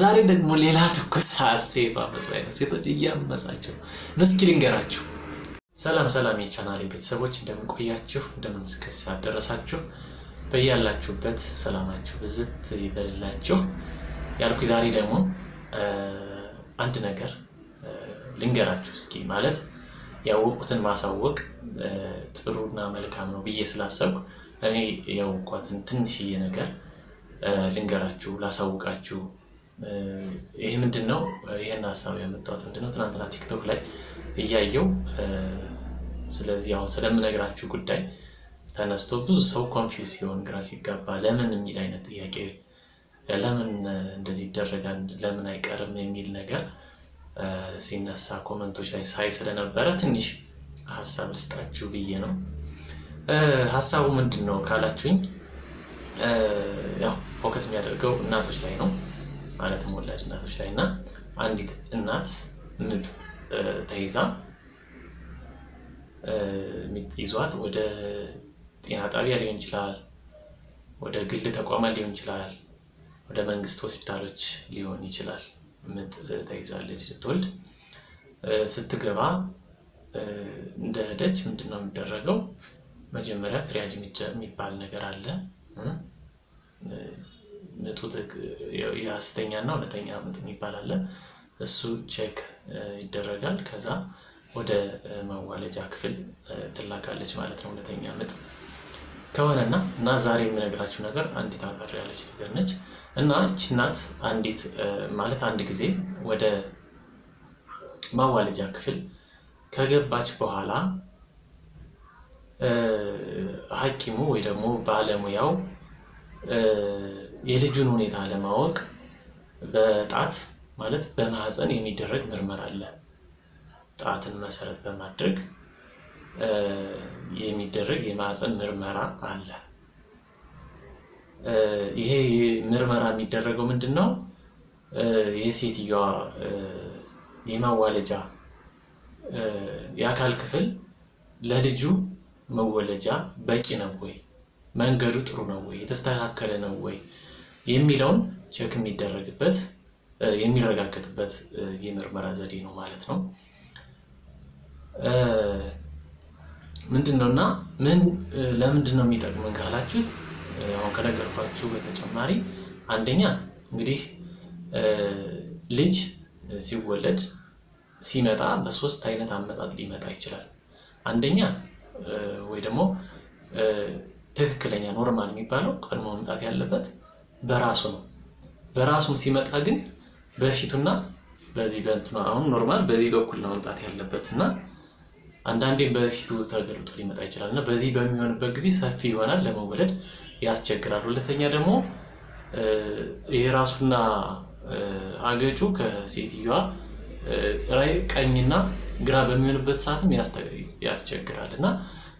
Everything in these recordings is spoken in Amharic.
ዛሬ ደግሞ ሌላ ትኩሳት ሴቷ መስላኝ ነው። ሴቶች እያመሳቸው ነው። እስኪ ልንገራችሁ። ሰላም ሰላም፣ የቻናሌ ቤተሰቦች እንደምንቆያችሁ፣ እንደምንስከሳ ደረሳችሁ። በያላችሁበት ሰላማችሁ ብዝት ይበልላችሁ ያልኩ ዛሬ ደግሞ አንድ ነገር ልንገራችሁ። እስኪ ማለት ያወቁትን ማሳወቅ ጥሩና መልካም ነው ብዬ ስላሰብኩ እኔ ያወቋትን ትንሽዬ ነገር ልንገራችሁ ላሳውቃችሁ ይህ ምንድን ነው? ይህን ሀሳብ ያመጣሁት ምንድን ነው? ትናንትና ቲክቶክ ላይ እያየው ስለዚህ አሁን ስለምነግራችሁ ጉዳይ ተነስቶ ብዙ ሰው ኮንፊውስ ሲሆን ግራ ሲጋባ ለምን የሚል አይነት ጥያቄ ለምን እንደዚህ ይደረጋል ለምን አይቀርም የሚል ነገር ሲነሳ ኮመንቶች ላይ ሳይ ስለነበረ ትንሽ ሀሳብ ልስጣችሁ ብዬ ነው። ሀሳቡ ምንድን ነው ካላችሁኝ፣ ያው ፎከስ የሚያደርገው እናቶች ላይ ነው። ማለትም ወላጅ እናቶች ላይ እና አንዲት እናት ምጥ ተይዛ ምጥ ይዟት ወደ ጤና ጣቢያ ሊሆን ይችላል፣ ወደ ግል ተቋማት ሊሆን ይችላል፣ ወደ መንግስት ሆስፒታሎች ሊሆን ይችላል። ምጥ ተይዛለች ልትወልድ ስትገባ እንደ ሄደች ምንድን ነው የሚደረገው? መጀመሪያ ትሪያጅ የሚባል ነገር አለ። ንጡ የሐሰተኛ ና እውነተኛ ምጥ የሚባል እሱ ቼክ ይደረጋል። ከዛ ወደ መዋለጃ ክፍል ትላካለች ማለት ነው። እውነተኛ ምጥ ከሆነና እና ዛሬ የምነግራችሁ ነገር አንዲት አፈር ያለች ነገር ነች እና ይህች እናት አንዲት ማለት አንድ ጊዜ ወደ ማዋለጃ ክፍል ከገባች በኋላ ሐኪሙ ወይ ደግሞ ባለሙያው የልጁን ሁኔታ ለማወቅ በጣት ማለት በማህፀን የሚደረግ ምርመራ አለ። ጣትን መሰረት በማድረግ የሚደረግ የማህፀን ምርመራ አለ። ይሄ ምርመራ የሚደረገው ምንድን ነው? የሴትዮዋ የማዋለጃ የአካል ክፍል ለልጁ መወለጃ በቂ ነው ወይ? መንገዱ ጥሩ ነው ወይ? የተስተካከለ ነው ወይ? የሚለውን ቸክ የሚደረግበት የሚረጋገጥበት የምርመራ ዘዴ ነው ማለት ነው። ምንድን ነው እና ምን ለምንድን ነው የሚጠቅመን ካላችሁት አሁን ከነገርኳችሁ በተጨማሪ አንደኛ እንግዲህ ልጅ ሲወለድ ሲመጣ በሶስት አይነት አመጣጥ ሊመጣ ይችላል። አንደኛ ወይ ደግሞ ትክክለኛ ኖርማል የሚባለው ቀድሞ መምጣት ያለበት በራሱ ነው። በራሱም ሲመጣ ግን በፊቱና በዚህ በእንትኗ አሁን ኖርማል በዚህ በኩል ነው መምጣት ያለበት እና አንዳንዴም በፊቱ ተገልጦ ሊመጣ ይችላል እና በዚህ በሚሆንበት ጊዜ ሰፊ ይሆናል፣ ለመወለድ ያስቸግራል። ሁለተኛ ደግሞ ይሄ ራሱና አገጩ ከሴትዮዋ ቀኝና ግራ በሚሆንበት ሰዓትም ያስቸግራል እና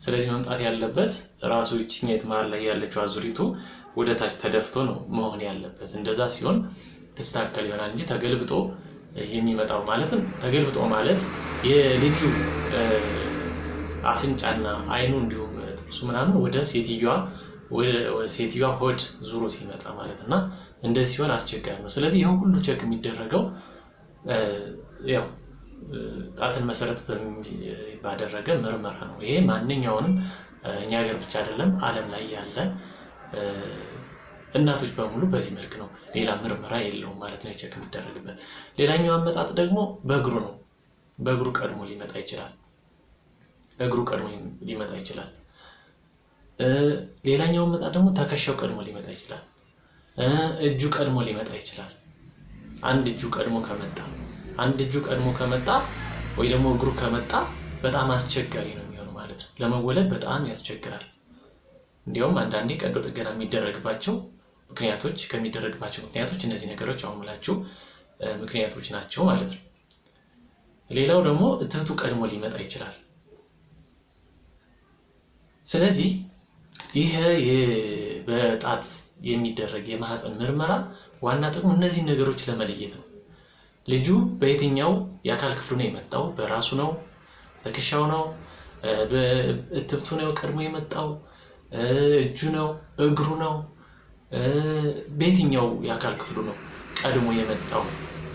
ስለዚህ መምጣት ያለበት ራሱ ይችኛት መሀል ላይ ያለችው አዙሪቱ ወደ ታች ተደፍቶ ነው መሆን ያለበት። እንደዛ ሲሆን ተስተካከል ይሆናል እንጂ ተገልብጦ የሚመጣው ማለትም ተገልብጦ ማለት የልጁ አፍንጫና አይኑ እንዲሁም ጥርሱ ምናምን ወደ ሴትዮዋ ሴትዮዋ ሆድ ዙሮ ሲመጣ ማለት እና እንደ ሲሆን አስቸጋሪ ነው። ስለዚህ ይህን ሁሉ ቸክ የሚደረገው ያው ጣትን መሰረት ባደረገ ምርመራ ነው። ይሄ ማንኛውንም እኛ ሀገር ብቻ አይደለም ዓለም ላይ ያለ እናቶች በሙሉ በዚህ መልክ ነው። ሌላ ምርመራ የለውም ማለት ነው ቼክ የሚደረግበት። ሌላኛው አመጣጥ ደግሞ በእግሩ ነው። በእግሩ ቀድሞ ሊመጣ ይችላል። እግሩ ቀድሞ ሊመጣ ይችላል። ሌላኛው አመጣጥ ደግሞ ትከሻው ቀድሞ ሊመጣ ይችላል። እጁ ቀድሞ ሊመጣ ይችላል። አንድ እጁ ቀድሞ ከመጣ አንድ እጁ ቀድሞ ከመጣ ወይ ደግሞ እግሩ ከመጣ በጣም አስቸጋሪ ነው የሚሆነው ማለት ነው። ለመወለድ በጣም ያስቸግራል። እንዲሁም አንዳንዴ ቀዶ ጥገና የሚደረግባቸው ምክንያቶች ከሚደረግባቸው ምክንያቶች እነዚህ ነገሮች አሁሙላችሁ ምክንያቶች ናቸው ማለት ነው። ሌላው ደግሞ እትብቱ ቀድሞ ሊመጣ ይችላል። ስለዚህ ይህ በጣት የሚደረግ የማህፀን ምርመራ ዋና ጥቅሙ እነዚህን ነገሮች ለመለየት ነው። ልጁ በየትኛው የአካል ክፍሉ ነው የመጣው? በራሱ ነው? ትከሻው ነው? እትብቱ ነው ቀድሞ የመጣው? እጁ ነው፣ እግሩ ነው፣ በየትኛው የአካል ክፍሉ ነው ቀድሞ የመጣው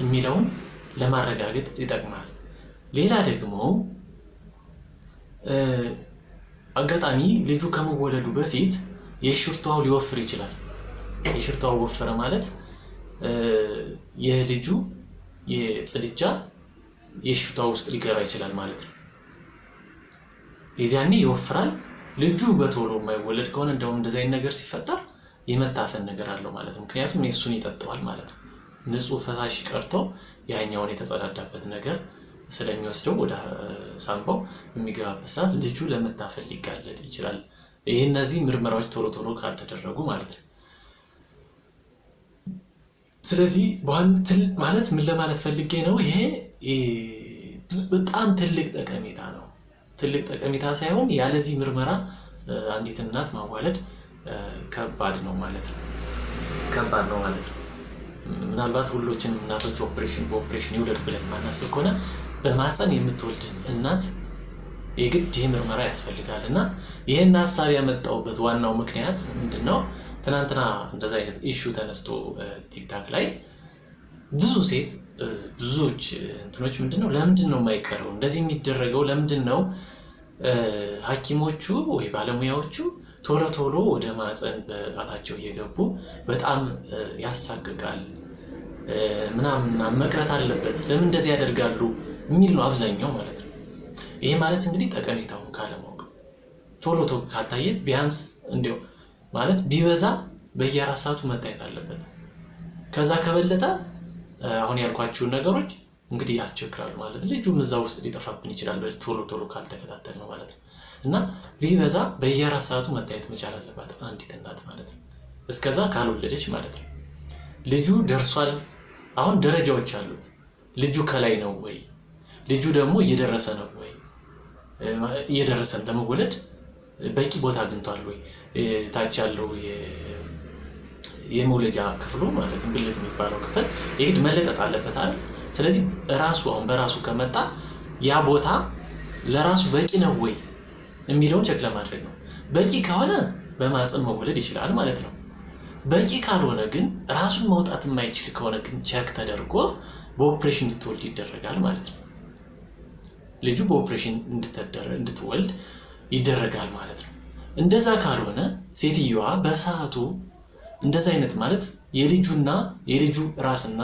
የሚለውን ለማረጋገጥ ይጠቅማል። ሌላ ደግሞ አጋጣሚ ልጁ ከመወለዱ በፊት የሽርቷው ሊወፍር ይችላል። የሽርቷው ወፈረ ማለት የልጁ የጽድጃ የሽርቷ ውስጥ ሊገባ ይችላል ማለት ነው። የዚያኔ ይወፍራል። ልጁ በቶሎ የማይወለድ ከሆነ እንደውም እንደዚህ አይነት ነገር ሲፈጠር የመታፈን ነገር አለው ማለት ነው። ምክንያቱም እሱን ይጠጠዋል ማለት ነው። ንጹህ ፈሳሽ ቀርቶ ያኛውን የተጸዳዳበት ነገር ስለሚወስደው ወደ ሳንባው በሚገባበት ሰዓት ልጁ ለመታፈን ሊጋለጥ ይችላል። ይህ እነዚህ ምርመራዎች ቶሎ ቶሎ ካልተደረጉ ማለት ነው። ስለዚህ ማለት ምን ለማለት ፈልጌ ነው? ይሄ በጣም ትልቅ ጠቀሜታ ነው። ትልቅ ጠቀሜታ ሳይሆን ያለዚህ ምርመራ አንዲት እናት ማዋለድ ከባድ ነው ማለት ነው። ከባድ ነው ማለት ነው። ምናልባት ሁሎችንም እናቶች ኦፕሬሽን በኦፕሬሽን ይውለድ ብለን ማናስብ ከሆነ በማፀን የምትወልድ እናት የግድ ይህ ምርመራ ያስፈልጋል እና ይህን ሀሳብ ያመጣውበት ዋናው ምክንያት ምንድን ነው? ትናንትና እንደዚ አይነት ኢሹ ተነስቶ ቲክታክ ላይ ብዙ ሴት ብዙዎች እንትኖች ምንድን ነው ለምንድን ነው የማይቀረው እንደዚህ የሚደረገው? ለምንድን ነው ሀኪሞቹ ወይ ባለሙያዎቹ ቶሎ ቶሎ ወደ ማፀን በጣታቸው እየገቡ በጣም ያሳቅቃል ምናምና መቅረት አለበት ለምን እንደዚህ ያደርጋሉ የሚል ነው አብዛኛው ማለት ነው። ይሄ ማለት እንግዲህ ጠቀሜታውን ካለማወቅ ቶሎ ቶሎ ካልታየ ቢያንስ እንዲያው ማለት ቢበዛ በየአራት ሰዓቱ መታየት አለበት ከዛ ከበለጠ አሁን ያልኳችሁን ነገሮች እንግዲህ ያስቸግራል ማለት ነው። ልጁም እዛ ውስጥ ሊጠፋብን ይችላል ቶሎ ቶሎ ካልተከታተል ነው ማለት ነው። እና ቢበዛ በየአራት ሰዓቱ መታየት መቻል አለባት አንዲት እናት ማለት ነው። እስከዛ ካልወለደች ማለት ነው። ልጁ ደርሷል። አሁን ደረጃዎች አሉት። ልጁ ከላይ ነው ወይ? ልጁ ደግሞ እየደረሰ ነው ወይ? እየደረሰን ለመወለድ በቂ ቦታ አግኝቷል ወይ? ታች ያለው የመውለጃ ክፍሉ ማለት ብልት የሚባለው ክፍል የግድ መለጠጥ አለበት አይደል? ስለዚህ ራሱ አሁን በራሱ ከመጣ ያ ቦታ ለራሱ በቂ ነው ወይ የሚለውን ቸክ ለማድረግ ነው። በቂ ከሆነ በማፀን መወለድ ይችላል ማለት ነው። በቂ ካልሆነ ግን ራሱን ማውጣት የማይችል ከሆነ ግን ቸክ ተደርጎ በኦፕሬሽን እንድትወልድ ይደረጋል ማለት ነው። ልጁ በኦፕሬሽን እንድትወልድ ይደረጋል ማለት ነው። እንደዛ ካልሆነ ሴትየዋ በሰዓቱ እንደዚህ አይነት ማለት የልጁና የልጁ ራስና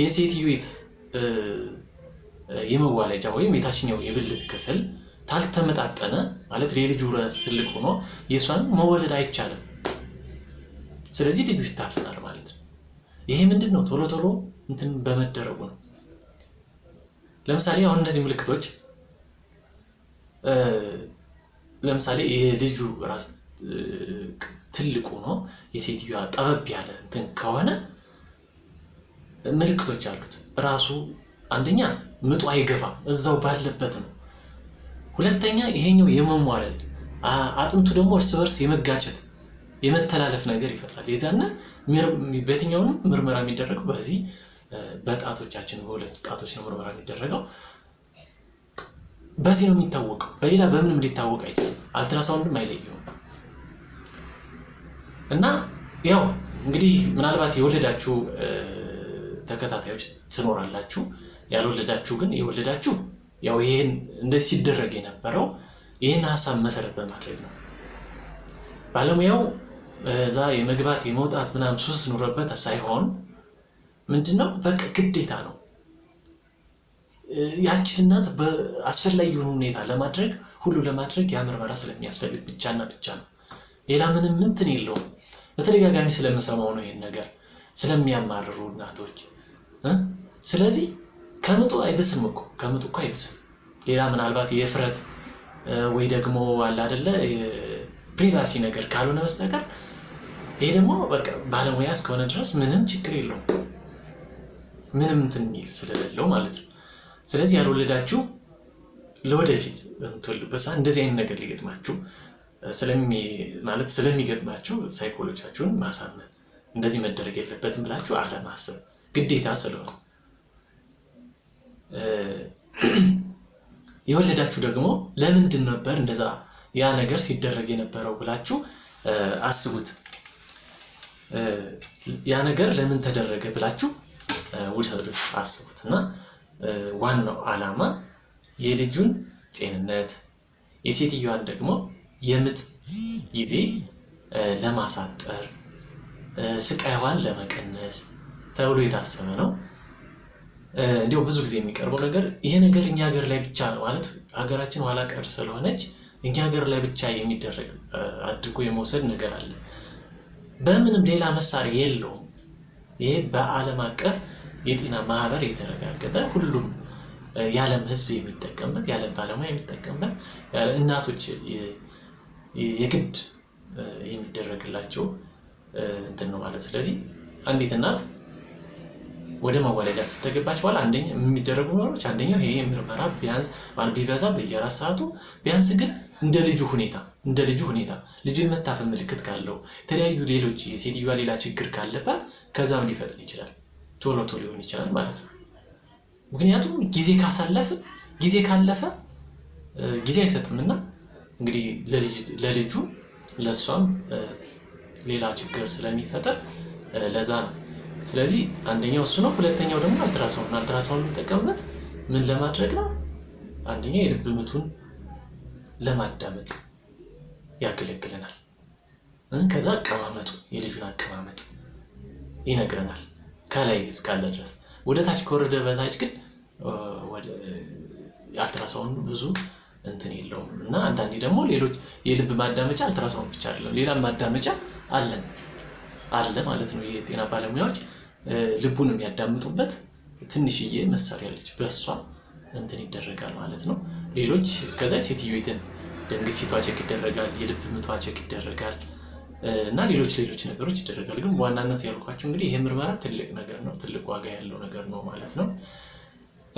የሴትዮት የመዋለጃ ወይም የታችኛው የብልት ክፍል ታልተመጣጠነ ማለት የልጁ ራስ ትልቅ ሆኖ የእሷን መወለድ አይቻልም። ስለዚህ ልጁ ይታፈናል ማለት ነው። ይሄ ምንድን ነው? ቶሎ ቶሎ እንትን በመደረጉ ነው። ለምሳሌ አሁን እነዚህ ምልክቶች ለምሳሌ የልጁ ራስ ትልቁ ነው። የሴትዮዋ ጠበብ ያለ እንትን ከሆነ ምልክቶች አሉት። ራሱ አንደኛ ምጡ አይገፋም፣ እዛው ባለበት ነው። ሁለተኛ ይሄኛው የመሟረል አጥንቱ ደግሞ እርስ በርስ የመጋጨት የመተላለፍ ነገር ይፈጥራል። የዛነ በየትኛውም ምርመራ የሚደረገው በዚህ በጣቶቻችን በሁለቱ ጣቶች ነው ምርመራ የሚደረገው። በዚህ ነው የሚታወቀው። በሌላ በምንም ሊታወቅ አይችልም። አልትራሳውንድም አይለየውም። እና ያው እንግዲህ ምናልባት የወለዳችሁ ተከታታዮች ትኖራላችሁ። ያልወለዳችሁ ግን የወለዳችሁ ያው ይህን እንደዚህ ሲደረግ የነበረው ይህን ሀሳብ መሰረት በማድረግ ነው። ባለሙያው እዛ የመግባት የመውጣት ምናምን ሱስ ኑረበት ሳይሆን ምንድነው በቃ ግዴታ ነው። ያችን እናት የሆኑ ሁኔታ ለማድረግ ሁሉ ለማድረግ ያ ምርመራ ስለሚያስፈልግ ብቻና ብቻ ነው። ሌላ ምንም እንትን የለውም። በተደጋጋሚ ስለምሰማው ነው ይህን ነገር ስለሚያማርሩ እናቶች። ስለዚህ ከምጡ አይብስም እኮ ከምጡ እኮ አይብስም። ሌላ ምናልባት የእፍረት ወይ ደግሞ አለ አደለ ፕሪቫሲ ነገር ካልሆነ በስተቀር ይሄ ደግሞ ባለሙያ እስከሆነ ድረስ ምንም ችግር የለውም። ምንም እንትን የሚል ስለሌለው ማለት ነው። ስለዚህ ያልወለዳችሁ ለወደፊት በምትወልዱበት እንደዚህ አይነት ነገር ሊገጥማችሁ ማለት ስለሚገጥማችሁ ሳይኮሎቻችሁን ማሳመን እንደዚህ መደረግ የለበትም ብላችሁ አለማሰብ ግዴታ ስለሆነ የወለዳችሁ ደግሞ ለምንድን ነበር እንደዛ ያ ነገር ሲደረግ የነበረው ብላችሁ አስቡት። ያ ነገር ለምን ተደረገ ብላችሁ ውሰዱት፣ አስቡት እና ዋናው ዓላማ የልጁን ጤንነት የሴትዮዋን ደግሞ የምጥ ጊዜ ለማሳጠር ስቃይዋን ለመቀነስ ተብሎ የታሰበ ነው። እንዲሁ ብዙ ጊዜ የሚቀርበው ነገር ይሄ ነገር እኛ ሀገር ላይ ብቻ ማለት ሀገራችን ኋላ ቀር ስለሆነች እኛ ሀገር ላይ ብቻ የሚደረግ አድርጎ የመውሰድ ነገር አለ። በምንም ሌላ መሳሪያ የለውም። ይሄ በዓለም አቀፍ የጤና ማህበር የተረጋገጠ ሁሉም የዓለም ሕዝብ የሚጠቀምበት የዓለም ባለሙያ የሚጠቀምበት እናቶች የግድ የሚደረግላቸው እንትን ነው ማለት። ስለዚህ አንዲት እናት ወደ ማዋለጃ ተገባች በኋላ አንደኛ የሚደረጉ ምርመራዎች አንደኛው ይሄ ምርመራ ቢያንስ ቢበዛ በየአራት ሰዓቱ ቢያንስ ግን እንደ ልጁ ሁኔታ እንደ ልጁ ሁኔታ ልጁ የመታፈን ምልክት ካለው የተለያዩ ሌሎች የሴትዮዋ ሌላ ችግር ካለባት ከዛም ሊፈጥን ይችላል። ቶሎ ቶሎ ሊሆን ይችላል ማለት ነው። ምክንያቱም ጊዜ ካሳለፍ ጊዜ ካለፈ ጊዜ አይሰጥምና እንግዲህ ለልጁ ለእሷም ሌላ ችግር ስለሚፈጥር ለዛ ነው። ስለዚህ አንደኛው እሱ ነው። ሁለተኛው ደግሞ አልትራሳውን አልትራሳውን የሚጠቀምበት ምን ለማድረግ ነው? አንደኛው የልብ ምቱን ለማዳመጥ ያገለግለናል። ከዛ አቀማመጡ የልጁን አቀማመጥ ይነግረናል። ከላይ እስካለ ድረስ ወደ ታች ከወረደ በታች ግን አልትራሳውንዱ ብዙ እንትን የለውም እና አንዳንዴ ደግሞ ሌሎች የልብ ማዳመጫ አልትራሳውንድ ብቻ አይደለም፣ ሌላም ማዳመጫ አለን አለ ማለት ነው። የጤና ባለሙያዎች ልቡን የሚያዳምጡበት ትንሽዬ መሳሪያ አለች። በእሷ እንትን ይደረጋል ማለት ነው። ሌሎች ከዛ ሴትዮትን ደንግፊቷ ቸክ ይደረጋል፣ የልብ ምቷ ቸክ ይደረጋል እና ሌሎች ሌሎች ነገሮች ይደረጋል። ግን በዋናነት ያልኳቸው እንግዲህ ይሄ ምርመራ ትልቅ ነገር ነው፣ ትልቅ ዋጋ ያለው ነገር ነው ማለት ነው።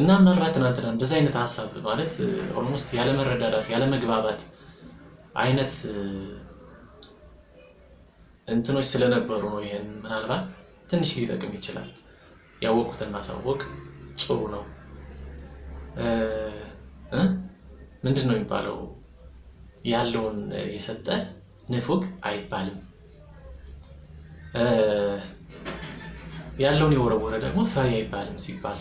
እና መራ ትናንትና እንደዚህ አይነት ሀሳብ ማለት ኦልሞስት ያለመረዳዳት ያለመግባባት አይነት እንትኖች ስለነበሩ ነው። ይሄን ምናልባት ትንሽ ሊጠቅም ይችላል። ያወቁትን ሳወቅ ጥሩ ነው። ምንድን ነው የሚባለው? ያለውን የሰጠ ንፉግ አይባልም። ያለውን የወረወረ ደግሞ ፈሪ አይባልም ሲባል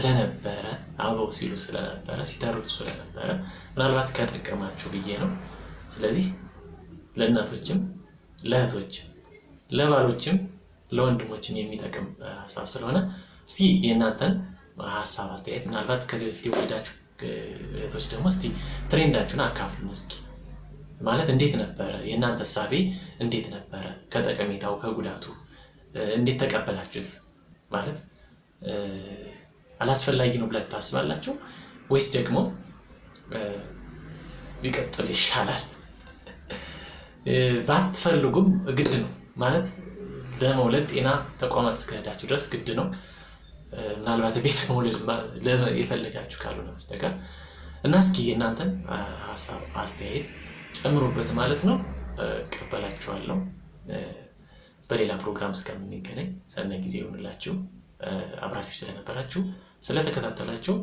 ስለነበረ አበው ሲሉ ስለነበረ ሲተርቱ ስለነበረ ምናልባት ከጠቀማችሁ ብዬ ነው። ስለዚህ ለእናቶችም ለእህቶችም ለባሎችም ለወንድሞችም የሚጠቅም ሀሳብ ስለሆነ እስቲ የእናንተን ሀሳብ አስተያየት፣ ምናልባት ከዚህ በፊት የወለዳችሁ እህቶች ደግሞ እስቲ ትሬንዳችሁን አካፍሉን። እስኪ ማለት እንዴት ነበረ የእናንተ ሳቤ እንዴት ነበረ? ከጠቀሜታው ከጉዳቱ እንዴት ተቀበላችሁት? ማለት አላስፈላጊ ነው ብላችሁ ታስባላችሁ ወይስ ደግሞ ቢቀጥል ይሻላል ባትፈልጉም ግድ ነው ማለት ለመውለድ ጤና ተቋማት እስከሄዳችሁ ድረስ ግድ ነው። ምናልባት ቤት መውለድ የፈለጋችሁ ካልሆነ በስተቀር እና እስኪ እናንተን ሀሳብ አስተያየት ጨምሩበት ማለት ነው። እቀበላችኋለሁ። በሌላ ፕሮግራም እስከምንገናኝ ሰናይ ጊዜ ይሆንላችሁ። አብራችሁ ስለነበራችሁ ስለተከታተላችሁ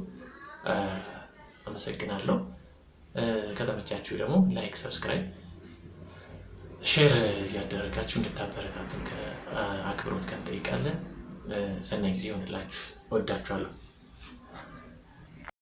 አመሰግናለሁ። ከተመቻችሁ ደግሞ ላይክ፣ ሰብስክራይብ፣ ሼር እያደረጋችሁ እንድታበረታቱን ከአክብሮት ጋር እንጠይቃለን። ሰናይ ጊዜ ይሆንላችሁ። ወዳችኋለሁ።